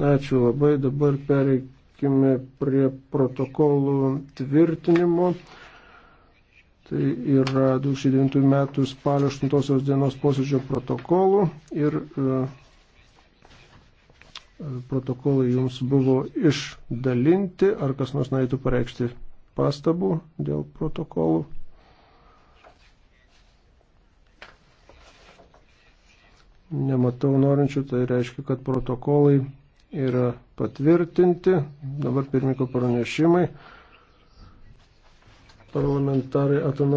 Ačiū labai. Dabar pereikime prie protokolų tvirtinimo. Tai yra 2009 metų spalio 8 dienos posėdžio protokolų ir e, e, protokolai jums buvo išdalinti. Ar kas nors norėtų pareikšti pastabų dėl protokolų? Nematau norinčių, tai reiškia, kad protokolai yra patvirtinti. Dabar pirmininko pranešimai. Parlamentarai atano.